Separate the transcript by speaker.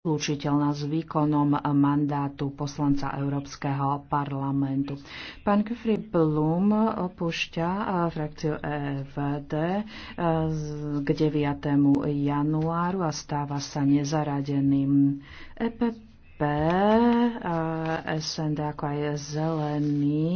Speaker 1: Učiteľná s výkonom mandátu poslanca Európskeho parlamentu. Pán Kufri Blum opúšťa eh, frakciu EFD eh, k 9. januáru a stáva sa nezaradeným. EPP, eh, SND ako aj zelený